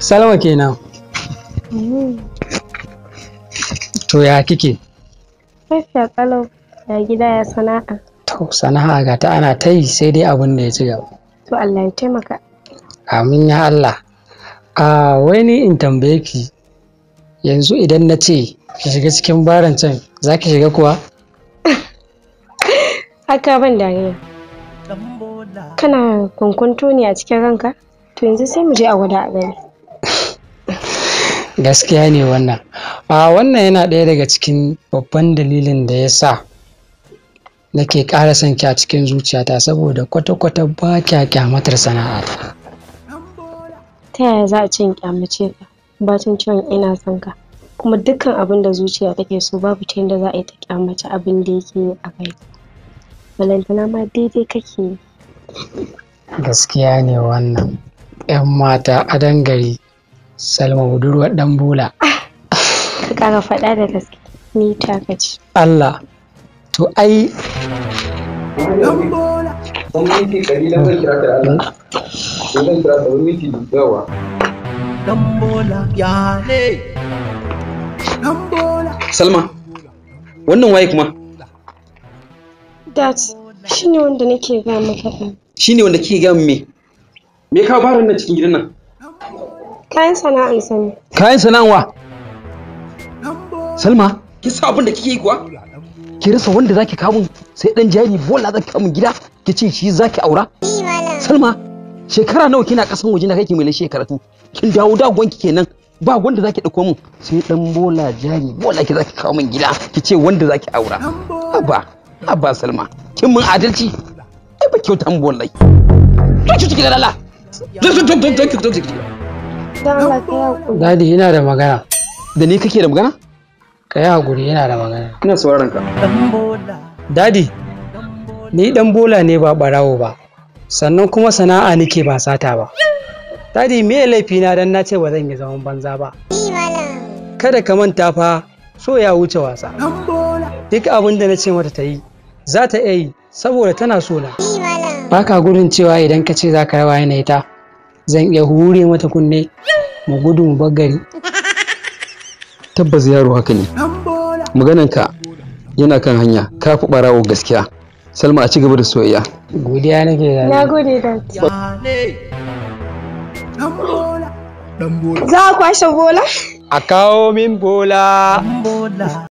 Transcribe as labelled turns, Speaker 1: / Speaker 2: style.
Speaker 1: salama kenan to ya kike
Speaker 2: lafiya kalau ya gida ya sana'a
Speaker 1: to sana'a ga ta ana ta yi sai dai abin da ya ci gaba
Speaker 2: to Allah ya taimaka
Speaker 1: amin ya Allah a wai ni in tambaye ki yanzu idan na ce ki shiga cikin baran can za ki shiga kuwa
Speaker 2: haka ban dariya kana kunkunto ne a cikin ranka to yanzu sai mu je a gwada a gani
Speaker 1: gaskiya ne wannan a wannan yana ɗaya daga cikin babban dalilin da ya sa nake ƙara son kya a cikin zuciyata saboda kwata-kwata ba kya kyamatar sana'a
Speaker 2: ta yaya za a cin kyamace ka cin cewa ina son ka kuma dukkan abin da zuciya take so babu ta yadda za a yi ta kyamace abin da yake a kai balantana ma daidai kake
Speaker 1: gaskiya ne wannan 'yan mata a dangare Salma budurwar ɗan bula.
Speaker 2: ƙara ah, faɗa da gaske ni ta kaci.
Speaker 3: Allah to ai. Salma wannan waye kuma?
Speaker 2: Dat shi ne wanda nake gaya maka.
Speaker 3: Shi ne wanda kike gaya me? Me ka barin nan cikin gidan nan?
Speaker 2: Kayan sana'ansa ne.
Speaker 3: Kayan sana'an wa? Salma, ki sa abin da kike yi kuwa? Ki rasa wanda zaki kawo sai dan jari bola zaki kawo gida ki ce shi zaki aura? Salma, shekara nawa kina kasan waje na kai ki mai shekaratu? Kin dawo da gwanki kenan ba wanda zaki dauko mun sai dan bola jari bola ki zaki kawo min gida ki ce wanda zaki aura. Abba, abba Salma, kin mun adalci? Ai ba kyautan bola. Ki ci da Allah. Zan zan zan zan zan zan Dadi yana da magana. Da ni kake da magana? Ka yi hakuri yana da magana. Ina sauraron ka. Dadi,
Speaker 1: ni dan bola ne ba barawo ba. Sannan kuma sana'a nake ba sata ba. Dadi me laifi na dan na ce ba zan yi zaman banza ba. Kada ka manta fa so ya wuce wasa. Duk abin da na ce mata ta yi, za ta iya yi saboda tana so na. Baka gudun cewa idan ka ce za ka rawa yana ita, zan iya hure mata kunne mu gudu mu gari.
Speaker 3: tabbas yaro haka ne ka yana kan hanya ka fi barawo gaskiya salma a ci gaba da soyayya
Speaker 1: godiya nake
Speaker 2: da na gode da za a kwashe bola
Speaker 3: a kawo min
Speaker 1: bola